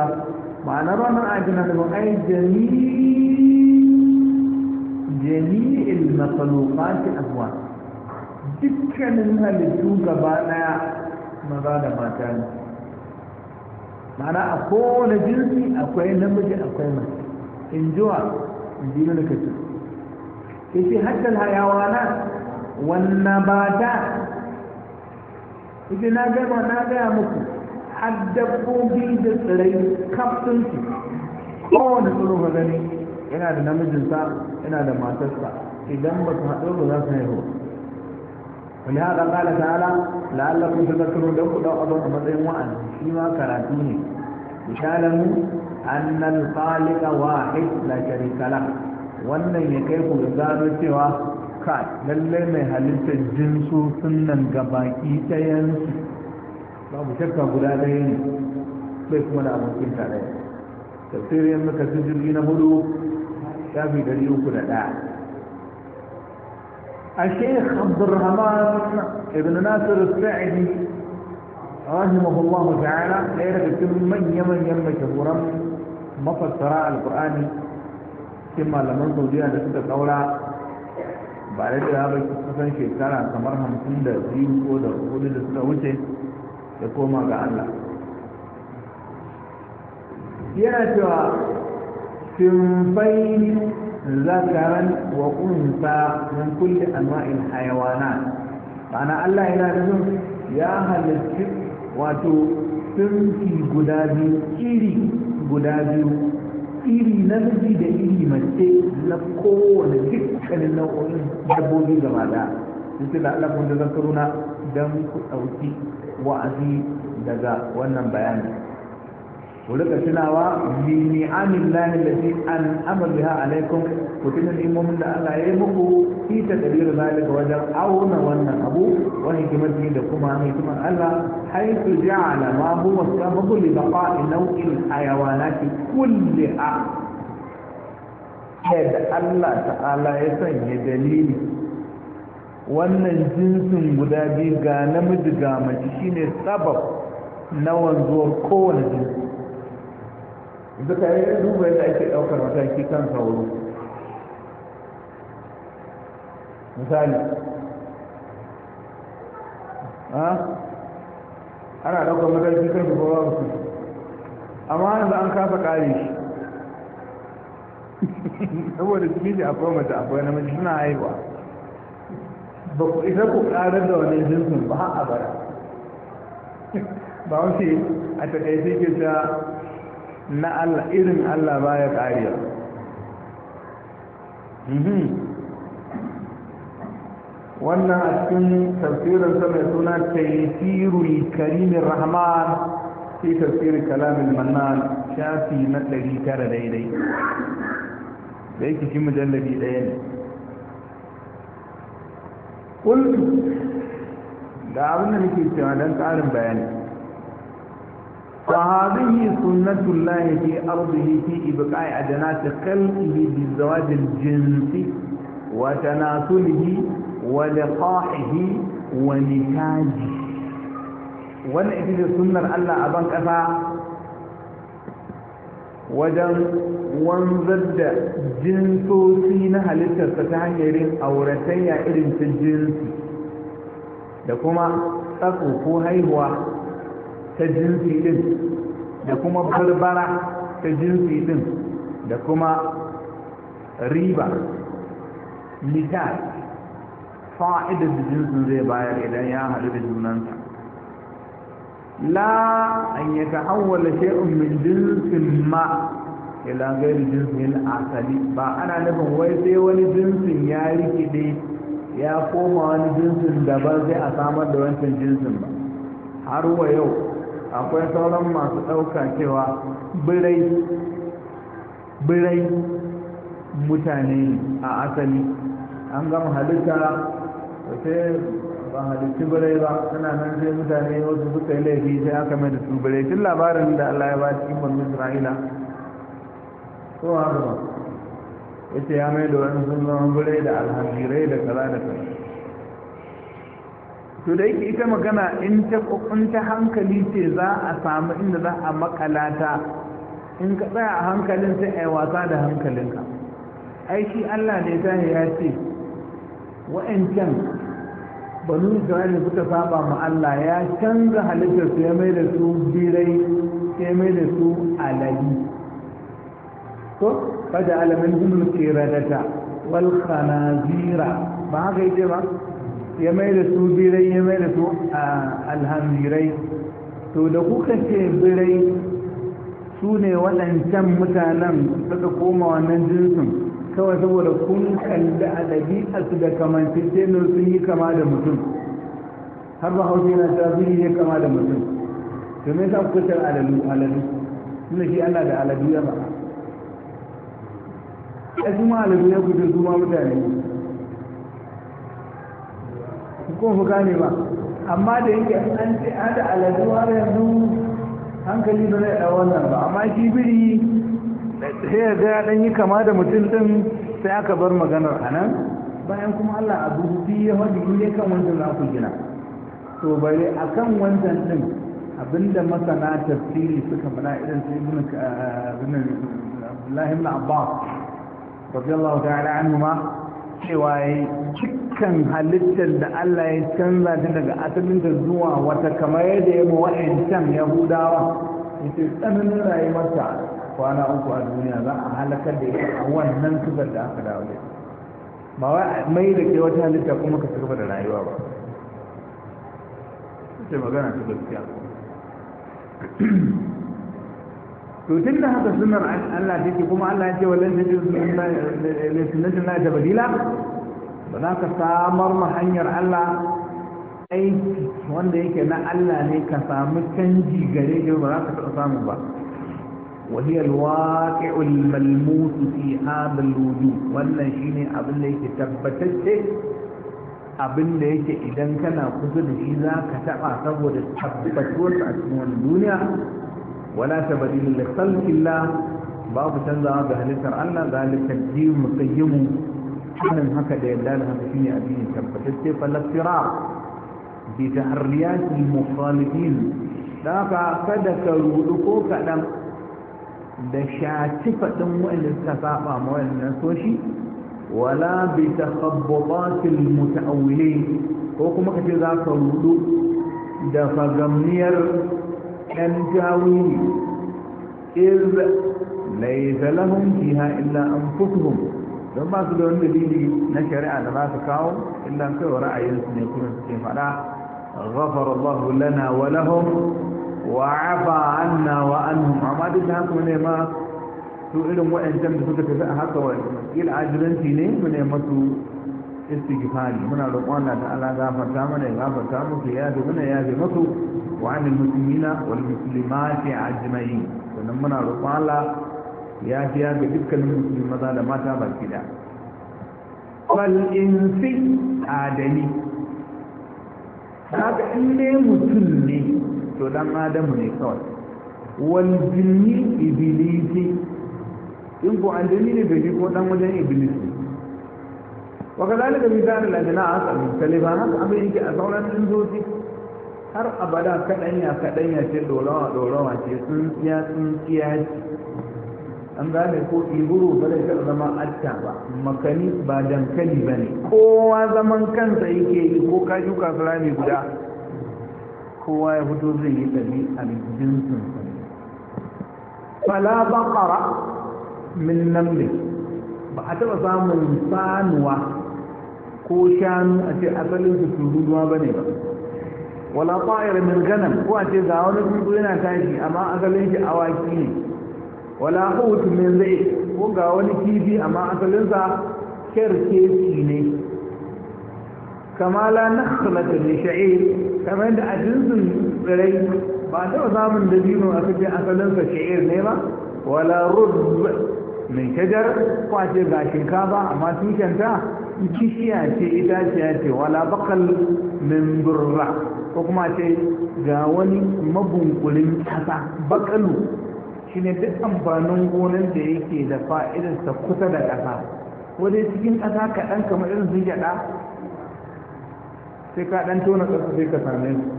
ma'anar wannan ayatin na da ai jami'in jami'il makhluqati ahwa dukkanin halittu gaba daya maza da mata ne mana a kowane jinsi akwai namiji akwai mace in jiwa in ji ke shi hajjar hayawa na wannan ba ta yace na gama na gaya muku har dabbobi da tsirai kafin kowane tsoron gani yana da namijinsa yana da matarsa idan ba su haɗu ba za su haihu ولهذا قال تعالى لعلكم تذكرون لو قدوا أبو أمدين وأن فيما كراتوني وشالموا أن الخالق واحد لا شريك له wannan ya kai ku gano cewa ka lallai mai halittar jinsu sun nan gabaki ɗayansu babu shakka guda daya ne bai kuma da abokin tarayya tafsirin muka su jirgi na hudu shafi ɗari uku da ɗaya الشيخ عبد الرحمن ابن ناصر السعدي رحمه الله تعالى غير قلتم من يمن يمن كفورا مفت سراء القرآن كما لم ننظر بها لسنة قولا بعد هذا بيت الحسن شيخ كان سمرها مثل ده زين كودا وقود لسنة وجه يقول ما قال له يا شوى سنفين zakaran mun unsa min kulli anwa'il hayawanat ma'ana Allah yana da nufin ya halitta wato tsinki guda biyu iri guda biyu iri na miji da iri mace na kowane dukkanin nau'o'in dabbobi gaba da su da Allah kun da zakaruna don ku ɗauki wa'azi daga wannan bayanin ku rika tunawa bi ni'amin lahi lati an amriha alaikum ku tuna ni'imomin da Allah ya yi muku fi tadbir zalika wajen auna wannan abu wa hikimati da kuma hikimar Allah haythu ja'ala ma huwa sababu li baqa'i naw'il hayawanati kulliha yadda Allah ta'ala ya sanya dalili wannan jinsin guda biyu ga namiji ga mace shine sabab na wanzuwar kowane jinsi duka ya duba yadda ake ɗaukar mataki kan sauro misali ana ɗaukar mataki kan shi kowa su amma yanzu an kafa ƙari shi saboda cikin akwai mace akwai namiji suna haihuwa ba ku isa ku ƙarar da wani jinsin ba a bara ba wasu a takaice ke ta na Allah irin Allah baya ƙariya mhm. wannan a cikin tafsirin sa mai suna tafsirul karimin rahman fi tafsir kalamin mannan shafi na ɗari tara daidai da yake shi mujallabi ɗaya ne kullu da abin da nake cewa don ƙarin bayani فهذه سنة الله في أرضه في إبقاء أجناس خلقه بالزواج الجنسي وتناسله ولقاحه ونكاجه wannan ita ce sunnar Allah a ban ƙasa wajen wanzar da jinsosi na halittarsa ta hanyar yin auratayya irin jinsi da kuma tsatso ko haihuwa ta jinsi din da kuma barbara ta jinsi din da kuma riba litar fa'idar da jinsin zai bayar idan ya haɗu da junansa la an ya hawala shay'un min jinsin ma ila gairi jinsin asali ba ana nufin wai sai wani jinsin ya rikide ya koma wani jinsin daban zai a samar da wancan jinsin ba har wa yau akwai sauran masu ɗauka cewa birai mutane a asali an gama halitta sai ba halitti birai ba suna nan sai mutane wasu suka yi laifi sai aka mai da su birai tun labarin da Allah ya ba cikin ban Isra'ila ko haka ba ce ya mai da wani sun zama birai da alhajirai da kaza da kaza to da yake ita magana in ta ta hankali ce za a samu inda za a makalata in ka tsaya a hankalin sai ai wasa da hankalinka ai shi Allah ne ta ya ce wa'ancan banu isra'ila suka saba ma Allah ya canza halittar su ya mai da su birai ya mai da su alayi ko fada alamin humul kiradata wal khanazira ba haka yake ba ya mai da su birai ya mai da su alhamdirai to da kuka ce birai su ne waɗancan mutanen suka koma wannan jinsin kawai saboda kun kalli a ɗabi'arsu da kamantaccen sun yi kama da mutum har ba hausa yana ta sun yi kama da mutum to me yasa kuka ce aladu aladu tunda shi ana da aladu ya ba ai kuma aladu ya kuce su ma mutane ko mu gane ba amma da yake an ce an da aladu har yanzu hankali ba zai ɗau wannan ba amma biri sai ya ga ɗan yi kama da mutum ɗin sai aka bar maganar a nan bayan kuma allah abu fi ya wani in kan wancan za ku gina to bare a kan wancan ɗin abinda masana tafsiri suka faɗa irin su ibn eh, abdullahi ibn abbas radiyallahu ta'ala anhu ma cewa yi cikin halittar da Allah ya canza ta daga da zuwa wata kamar yadda ya wa'ancan can ya ya ce tsananin rayuwarta kwana uku a duniya za a halakar da ya a wannan sufar da aka dawo da ba wai mai da ke wata halitta kuma ka cigaba da rayuwa ba ce magana ta gaskiya to tun da haka sunar Allah take kuma Allah ya ce wallan da sunan Allah da badila ba za ka samar ma hanyar Allah aiki wanda yake na Allah ne ka sami canji gare shi ba za ka taɓa samu ba وهي الواقع الملموس في هذا الوجود wannan shine abin da yake tabbatacce abin da yake idan kana kusa da shi za ka taɓa saboda tabbatuwarsa a cikin duniya wala tabdil li khalqillah babu canzawa ga halittar Allah zalika dinul qayyim hanin haka da yadda da haka shine addini tabbatacce falastira bi tahriyati mukhalifin da ka kada ka rudu ko kadan da shaci fadin wanda suka saba ma so shi. wala bi takhabbatil mutaawilin ko kuma kace za ka rudu da fagamniyar yan jawiri iz laysa lahum fiha illa anfusuhum don ba su da wani dalili na shari'a da za su kawo illa kai wa ra'ayinsu ne kuma suke faɗa غفر الله لنا ولهم وعفى عنا وعنهم amma duk da haka ne ma su irin waɗancan da suka tafi a haka wa kila ajiranci ne mu ne istighfari muna roƙon Allah ta ala gafarta mana ya gafarta muku ya ji muna ya ji muku wa anil muslimina wal muslimati ajma'in sannan muna roƙon Allah ya ji ya ga dukkanin musulmi maza da mata baki da wal insi adami kaga in ne mutum ne to dan adamu ne kawai wal jinni ibilisi in ko aljani ne bai ko dan wajen ibilisi وكذلك ميزان الأجناس المختلفة أبين كأسولا من دوتي har abada kaɗanya kaɗanya ce dorawa dorawa ce tsuntsiya tsuntsiya ce an gane ko iburu ba zai taɓa zama atta ba makani ba dankali ba ne kowa zaman kansa yake yi ko ka shuka fulani guda kowa ya fito zai yi ɗabi a jinsin fala baƙara min namle ba a taɓa samun sanuwa ko shanu a ce asalin su tururuwa ba ne ba wala ƙwayar min ganan. ko a ce ga wani tuntun yana tashi amma asalin shi awaki ne wala hutu min zai ko ga wani kifi amma asalinsa kerkeci ne Kamala na nakhlata li sha'ir kamar yadda a jinsin tsirai ba ta samun dabino a cikin asalinsa sha'ir ne ba wala rub mai shajar ko a ce ga shinkafa amma tushenta kishiya ce ita ce wala bakal min burra ko kuma ce ga wani mabunkulin kasa bakalu ne duk amfanin gonar da yake da fa'idarsa kusa da kasa wani cikin kasa kaɗan kamar irin su gyaɗa sai ka ɗan tona ƙasa sai ka same su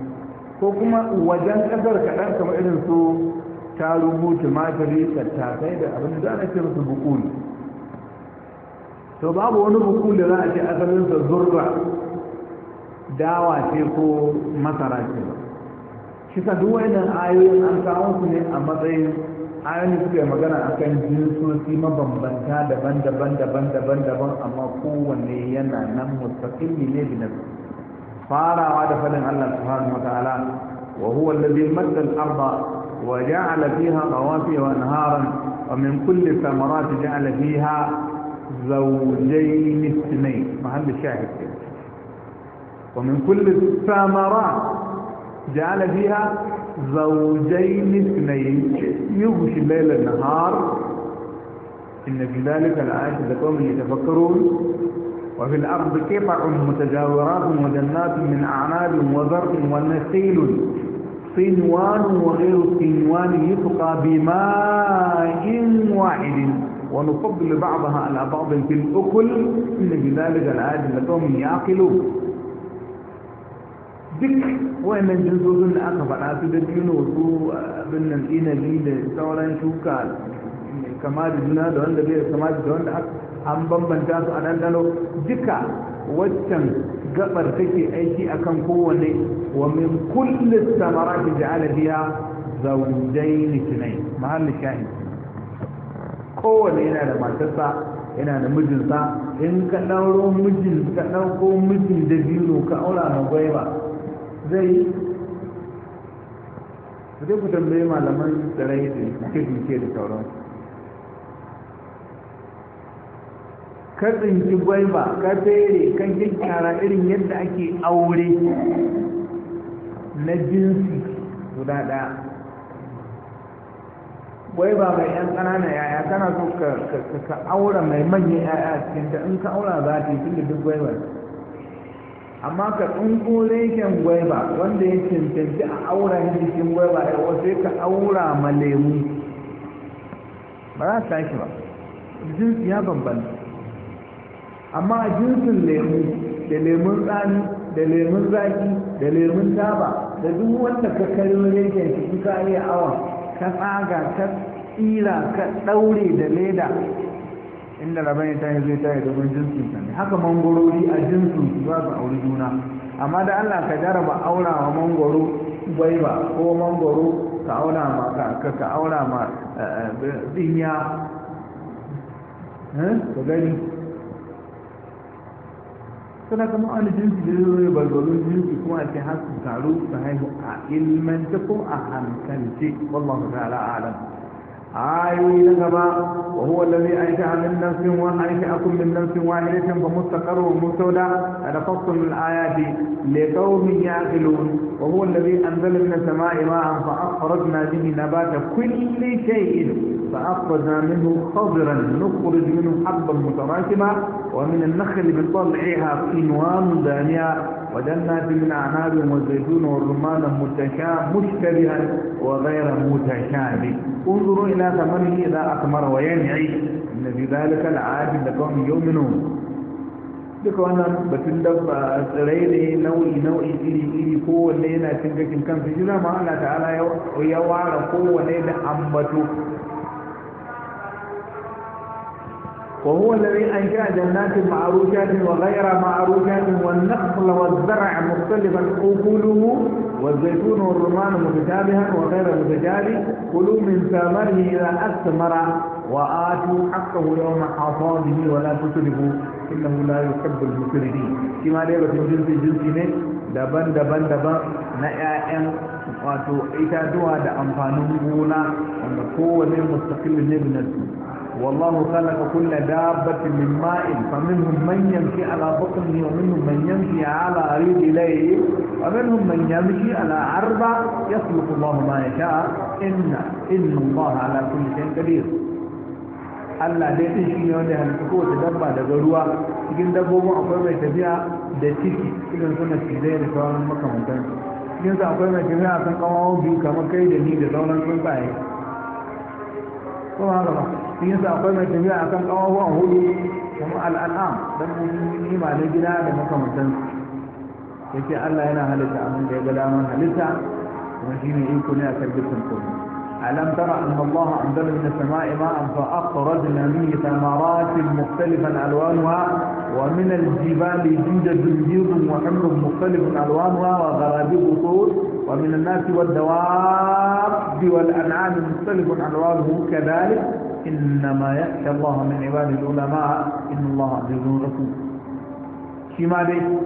ko kuma wajen ƙasar kaɗan kamar irin su tarugu tumatiri tattasai da abin da ana ce musu فبابا ونبو كل رأسي أثر منك الزرع داوة تيكو مطرة تيكو شسا دو عنا آيوين أمتعون كني أمضين آيوين كي أمغانا أكن جنسو سيما بمبنتا دبان دبان دبان دبان دبان أما قوة نيانا نم التقل لي بنفسه فارا وعد فلن الله سبحانه وتعالى وهو الذي مد الأرض وجعل فيها رواسي وأنهارا ومن كل ثمرات جعل فيها زوجين اثنين محل شاهد كده ومن كل الثمرات جعل فيها زوجين اثنين يغشي الليل النهار إن في ذلك لآيات لقوم يتفكرون وفي الأرض قطع متجاورات وجنات من أعناب وزرع ونخيل صنوان وغير صنوان يسقى بماء واحد ونفضل بعضها على بعض في الأكل إن بذلك العاد لهم يأكلوا ذك ومن جزوز الأكبر عاد الدين وذو بن الإنا جيل سورا شوكا كما جزنا دون دبير كما جزنا أم بم بن جاسو أنا دلو ذكا وشن قبر تكي أي شيء أكم كوني ومن كل الثمرات جعل فيها زوجين اثنين مهل شاهد kowane yana da matarsa yana da mijinsa in ka ɗauro mijin ka ɗauko mijin da biyu ka aura na gwaiba zai zai ku tambaye malaman tsirai da ke duke da sauran ka tsinci gwaiba ka tsere ka kyakkyara irin yadda ake aure na jinsi guda ɗaya wai ba mai yan ƙanana yaya kana so ka aura mai manyan yaya cikin ta in ka aura za ta yi tun da duk gwaiba amma ka tsinko reshen gwaiba wanda ya cancanci a aura yin cikin gwaiba ya wasu ka aura ma lemu ba za ta shi ba jinsi ya bambanta amma jinsin lemu da lemun tsani da lemun zaki da lemun taba da duk wanda ka karin reshen shi ka iya awon ka tsaga ka tsira ka ɗaure da leda inda rabon ya zai tahi domin jinsin ta ne haka mangorori a jinsin su za su auri juna amma da Allah ka jaraba aura wa mangoro gwaiba ko mangoro ka aura ma ka aura ma eh, eh, eh, ka gani suna zama wani jinsi da zai zai balbalin jinsi kuma a ce har su taru su haihu a ilmance ko a hankalce wallahu ta'ala alam ayoyi na gaba wa huwa allazi ansha'a min nafsin wa ansha'akum min nafsin wahidatin fa mustaqarrun wa mustawda ala fasul al ayati li qaumin ya'qilun wa huwa allazi anzala min as-sama'i ma'an fa akhrajna bihi nabata kulli shay'in fa akhrajna minhu khadran nukhrij minhu habban mutarashima ومن النخل اللي بنطلعيها قنوان دانية وجنات من أعناب والزيتون والرمان مشتبها وغير متشابه انظروا إلى ثمنه إذا أثمر وينعي إن في ذلك العاجل لكم يؤمنون duka بتندب سريري dabba tsirai إلي إلي قوة لينا تنجك kowanne yana cin gashin kansa shi zama Allah ta'ala ya وهو الذي أنشأ جنات معروشات وغير معروشات والنخل والزرع مختلفا أكله والزيتون والرمان متشابها وغير متشابه كلوا من ثمره إذا أثمر وآتوا حقه يوم حصاده ولا تسرفوا إنه لا يحب المسرفين كما ليلة في جنس جنس دبن دبن دبن نأيان wato إتادوا da هنا gona wanda kowane mustaqil ne والله خلق كل دابة من ماء فمنهم من يمشي على بطنه ومنهم من يمشي على ريد إليه ومنهم من يمشي على عربة يخلق الله ما يشاء إن إن الله على كل شيء قدير. ألا ديتي شيء يوني هل تكو تدبع دقلوا تكين دبو ما أقول ما يتبع دتيكي إذا نكون نتكذير فعلا مكة ممتن تكين دبو ما يتبع أسان قوام بيوكا مكة يدني دولان كنتاي Well, I don't know. shi yasa akwai mai tafiya akan ƙawahuwan hudu kamar al'an'am don nima na gida da makamantansu yake Allah yana halitta abin da ya ga damar halitta kuma shi ne iko ne a kan dukkan komai alam tara anna Allah anzala min as-sama'i ma'an fa akhrajna minhu thamaratin mukhtalifan alwanuha wa min al-jibali jundun jundun wa hamrun mukhtalifan alwanuha wa gharabibu tur wa min an-nasi wad-dawabi wal-an'ami mukhtalifan alwanuhu kadhalik إنما يخشى الله من عباد العلماء إن الله عزيز رسول shi ma dai yanzu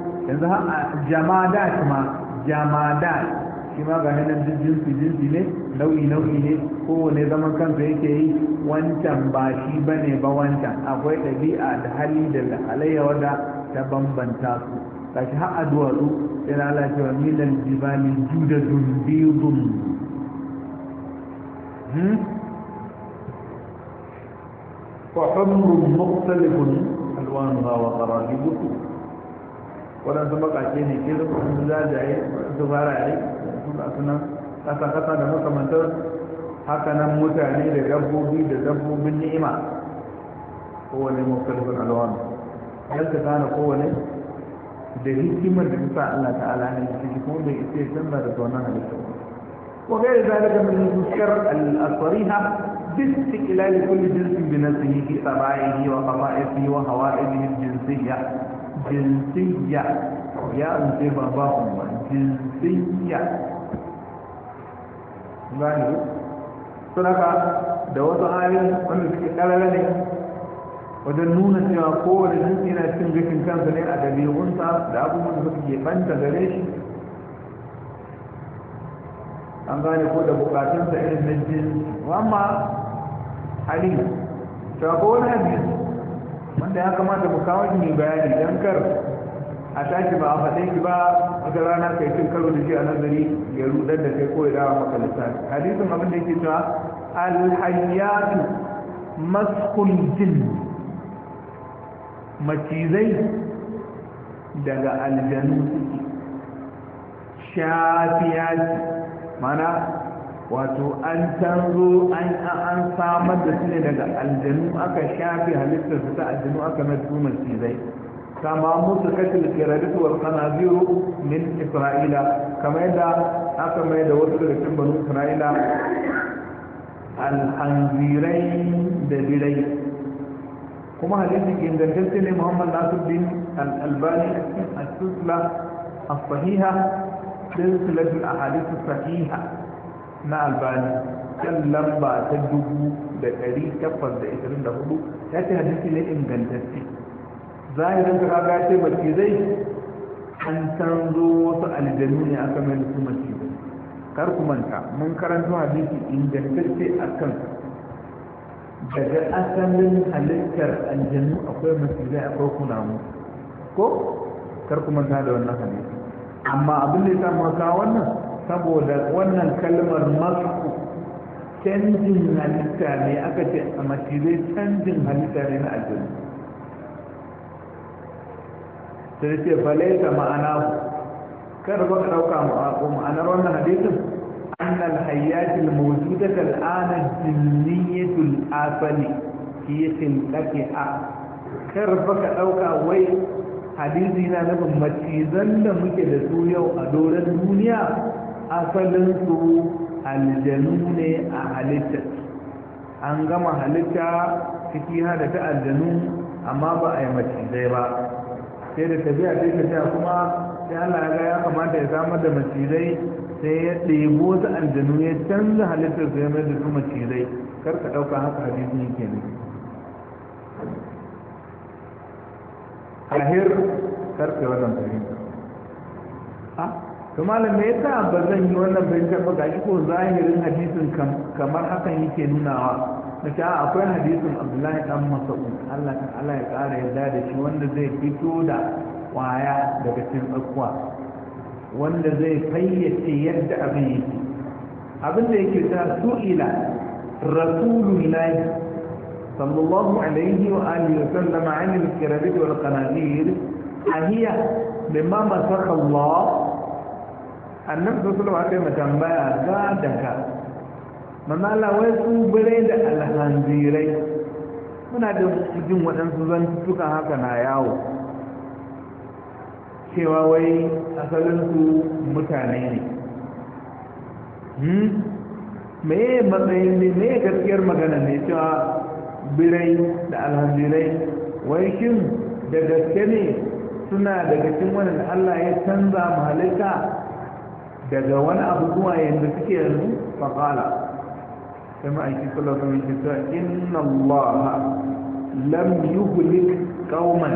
jamadat ma jamadat shi ma ga nan duk jinsi jinsi ne nau'i nau'i ne ko ne zaman kansa yake yi wancan ba shi ba ne ba wancan akwai ɗabi'a da hali da halayya wadda ta bambanta su kashi har a duwatsu sai na lalacewa milal jibali judadun biyudun فحمر مختلف الوانها وقراجبته ولا ثم قاعدين كده الحمد لله جاي دوبارا علي اسنا اتا كتا ده مكان ده حتى نموت عليه لربوبي ده ربو بالنعمة هو اللي مختلف الالوان يلقى كان قوة لي ده الكلمة اللي بتاع الله تعالى عن التليفون ده يصير سنة ده وغير ذلك من المذكر الصريحة باستقلال كل جنس بنفسه في طبائعه وهوائله الجنسية جنسية يا أنت باباهم جنسية gane sunaka da wasu halin wanda suke ne wajen nuna cewa kowane jinsi yana cin jikin kansa ne a ɗabi'unsa da abubuwan da suke banta gare shi an gane ko da bukatunsa irin na jin amma ali to akwai wani hadisi wanda ya kamata mu kawo shi ne bayani dan kar a tashi ba a faɗe shi ba wata rana kai cin karo da shi a nazari ya rudar da kai ko ya dawo maka lissafi hadisin abin da yake cewa alhayyatu maskul jin macizai daga aljanu suke shafiya wato an canzo an an samar da su ne daga aljanu aka shafi halittar su ta aljanu aka mai su macizai kama musu kashin kiradis wal kanaziru min isra'ila kamar yadda aka mai da wasu daga cikin banu isra'ila alhanzirai da birai kuma hadisi ingantacce ne muhammad nasiruddin al-albani a cikin as-sisla as-sahiha silsilatul ahadith as-sahiha na albani kan lamba ta dubu da ɗari takwas da ishirin da hudu ya ce hadisi ne ingantacce zahirin ka kaga ce mace zai an san zo wasu aljanu ne aka mai su mace kar ku manta mun karanta hadisi ingantacce a kan daga asalin halittar aljanu akwai mace zai akwai kunamu ko kar ku manta da wannan hadisi amma abin da ya samu kawo wannan saboda wannan kalmar masu canjin halitta ne aka ce a matilai canjin halitta ne na ajiyar sai ce falaita ma'ana kar ba ka ɗauka ma'anar wannan hadisin أن الحياة الموجودة الآن الجنية a. Kar ba ka ɗauka wai hadisi na nufin macizan da muke da su yau a doron duniya asalinsu aljanu ne a halitta an gama halitta ciki hada ta aljanu amma ba a yi macizai ba sai da tafiya sai sha kuma sai allah ya ya kamata ya samar da macizai sai ya ɗebo ta aljanu ya canza halittar su ya mai da su macizai kar ka ɗauka haka hadisi yake ne ahir kar ka wannan fahimta to malam ya yasa ba zan yi wannan bincike ba gashi ko zahirin hadisin kamar hakan yake nunawa na ta akwai hadisin abdullahi dan mas'ud Allah Allah ya kara yarda da shi wanda zai fito da kwaya daga cikin tsakuwa wanda zai fayyace yadda abin yake abin da yake ta su'ila rasulullahi sallallahu alaihi wa alihi wa sallam an al-kirabit wal qanadir ahiya mimma masaka Allah annabi sallallahu alaihi wasallam tambaya ga da ka manzo Allah wai su bare da alhanzirai muna da jin waɗansu tuka haka na yawo cewa wai asalin su mutane ne hmm? me matsayin ne me gaskiyar magana ne cewa birai da alhanzirai wai shin da gaske ne suna daga cikin wannan Allah ya canza mu halitta daga wani abu zuwa yanzu suke yanzu faƙala sai ma'aiki sallallahu alaihi wasallam cewa inna Allah lam yuhlik qauman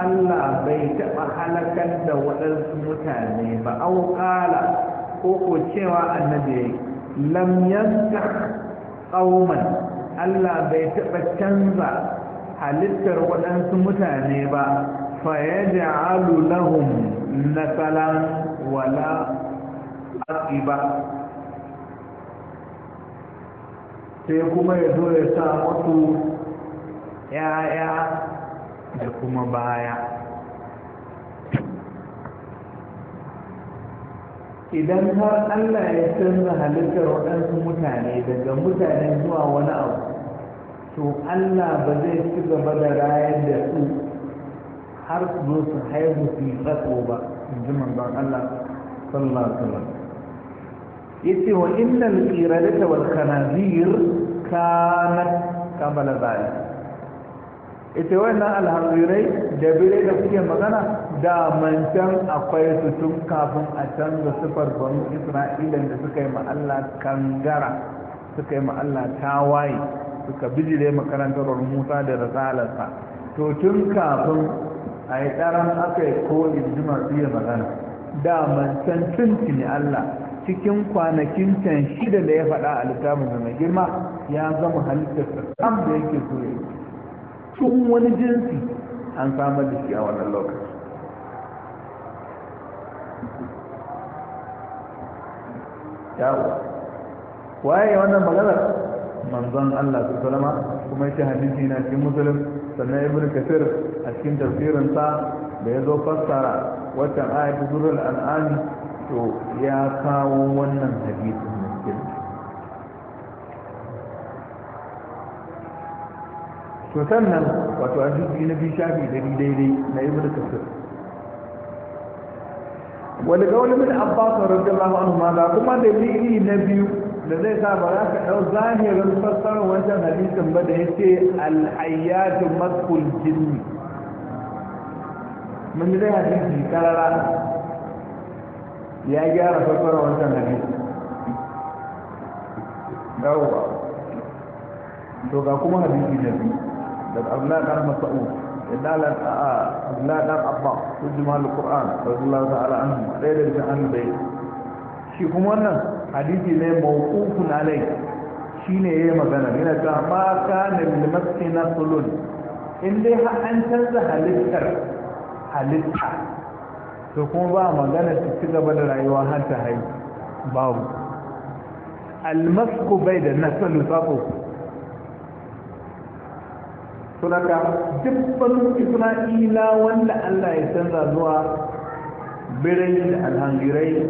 Allah bai taɓa halakar da waɗansu mutane ba au ƙala ko ko cewa annabi lam yanka qauman Allah bai taɓa canza halittar waɗansu mutane ba fa yaj'alu lahum nasalan wala aqiba sai kuma ya zo ya sa wasu ya'ya da kuma baya idan har allah ya canza halittar waɗansu mutane daga mutane zuwa wani abu to allah ba zai ci gaba da rayar da su har su zo su haihu su yi ba inji manzon Allah sallallahu alaihi wasallam yace wa innal qiradata wal khanazir kanat qabla yace wa wannan alhamdurai da bire da kuke magana da mancan akwai su tun kafin a canza sifar banu isra'ilan da suka yi Allah kangara suka yi Allah tawaye suka bijire makarantar musa da risalarsa to tun kafin a yi ɗaran aka yi ko in masu yi magana daman can tuntuni Allah cikin kwanakin can shida da ya faɗa a littafin mai girma ya zama halittar sam da yake so ya tun wani jinsi an samar da shi a wannan lokaci yawo waye wannan maganar manzon Allah su salama kuma shi hadisi na cikin musulun sannan ibn kasir cikin tafsirin ta da ya zo fassara wata ayat zurul al'ami to ya kawo wannan hadisin muskil to sannan wato a na biyu shafi dari daidai na yi ibn tafsir wani gauli min abbas radiyallahu anhu ma da kuma dalili na biyu da zai sa ba za ka ɗau zahirin fassarar wancan hadisin ba da ya ce alhayyatu maskul jinni mun ji dai hadisi karara ya gyara fassara wancan hadisi yawwa to ga kuma hadisi da biyu daga masa'u dan mas'ud yadda dan abba tujma al-qur'an radiyallahu ta'ala anhu dai da an bai shi kuma wannan hadisi ne mawqufun alai shine yayi magana yana cewa ma kana lil mas'ina sulun in dai har an canza halittar halitta to kuma ba magana su ci gaba da rayuwa har ta haihu babu almasku bai da nasalu tsako sunaka duk banin isra'ila wanda allah ya canza zuwa birai da alhangirai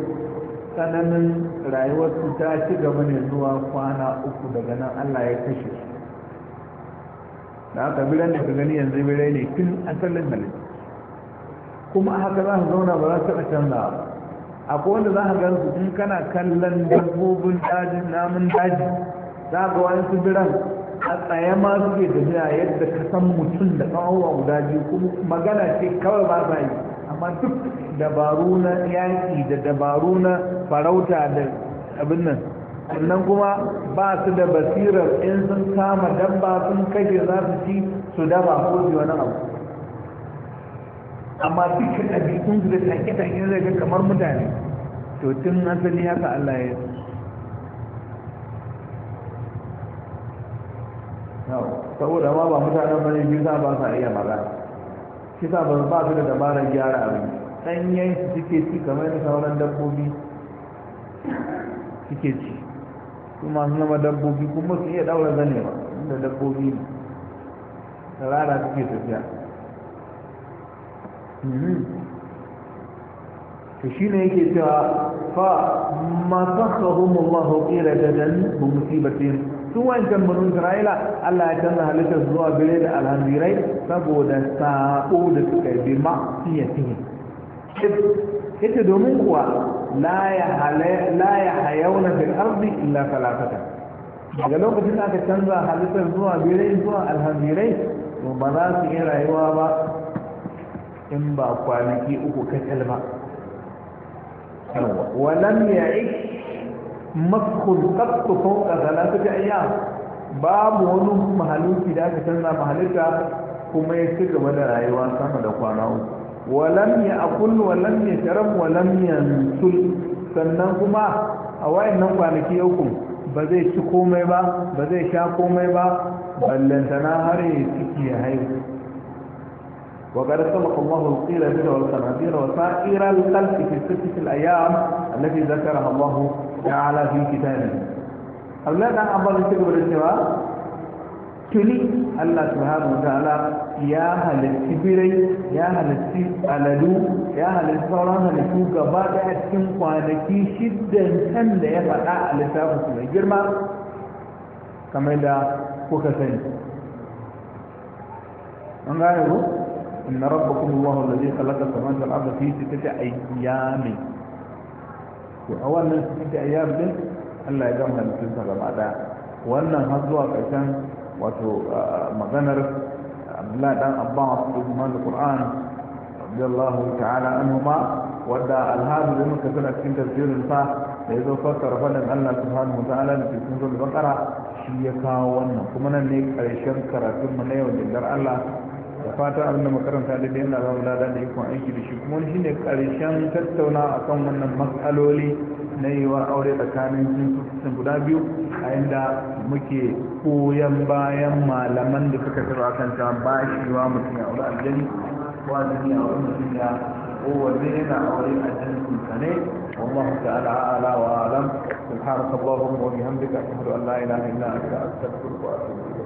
tsananin rayuwarsu ta ci gaba ne zuwa kwana uku daga nan allah ya kashe su da aka biran da ka gani yanzu birai ne tun asalin halitta kuma haka za su zauna ba za su taɓa canza ba akwai wanda za ka gan su in kana kallon dabbobin dajin namun daji za ga wani su biran a tsaye ma suke tafiya yadda ka san mutum da ƙawawa guda biyu kuma magana ce kawai ba sa yi amma duk dabaru na yaƙi da dabaru na farauta da abin nan sannan kuma ba su da basirar in sun kama dabba sun kashe za su ci su daba ko wani abu amma dukkan ɗabi'un su da take yin zai ga kamar mutane to tun asali haka Allah ya saboda ma ba mutanen bane biyu za ba sa iya magana shi sa ba ba su da dabarar gyara abin ɗanyen su suke ci kamar da sauran dabbobi suke ci su masu nama dabbobi kuma su iya daura zane ba inda dabbobi ne rara suke tafiya ta shi ne yake ta fa masakahumullahu qiradadan bi musibatin sun wancan tambarin isra'ila Allah ya canza halittar zuwa gare da alhamdirai saboda sa'o da suka bi ma siya siya ita domin kuwa la ya hayauna fil arzi illa salatata daga lokacin da aka canza halittar zuwa gare zuwa alhamdirai ba za su yi rayuwa ba in ba kwanaki uku kacal ba walam ya yi maskul kakku fauka talatata ayyam babu wani mahaluki da aka canza mahalita kuma ya ci gaba da rayuwa sama da kwana uku walam ya akul walam ya sharab walam ya sul sannan kuma a wayannan kwanaki uku ba zai ci komai ba ba zai sha komai ba ballantana har ya ciki ya haihu وقد سبق الله القيل به والتناظير وسائر الخلق في الستة الأيام التي ذكرها الله تعالى في كتابه أولادا أفضل تكبر السواء تلي الله سبحانه وتعالى يا هل الكبري يا هل الألدو يا هل الصوران هل الشوكة بعد أسكن قانكي شدا كان ليفقع لسافة الجرمى كما إذا كوكا سنة من غيره inna إن ربكم الله الذي خلق السماوات والأرض في ستة أيام وأولا ستة أيام دي Allah ya gama halittunsa gaba daya wannan har zuwa karshen wato maganar abdullahi dan abbas ibn al-qur'an radiyallahu ta'ala anhuma wadda alhadu da muka sanar cikin tafsirin sa da ya zo fassara fadin Allah subhanahu ta'ala da cikin sura bakara shi ya kawo wannan kuma nan ne ƙarshen karatun mu na yau da Allah da fata abin da makaranta da daina ba mu lada da ikon aiki da shi kuma wani shine karshen tattauna a kan wannan matsaloli na wa aure tsakanin jinsusun guda biyu a inda muke koyan bayan malaman da suka tsaro akan ta ba shi wa mutum ya aure aljani ko aljani ya aure mutum ya kowanne yana aure aljani kunsa ne والله تعالى اعلى واعلم سبحانك اللهم وبحمدك اشهد ان لا اله الا انت استغفرك واتوب اليك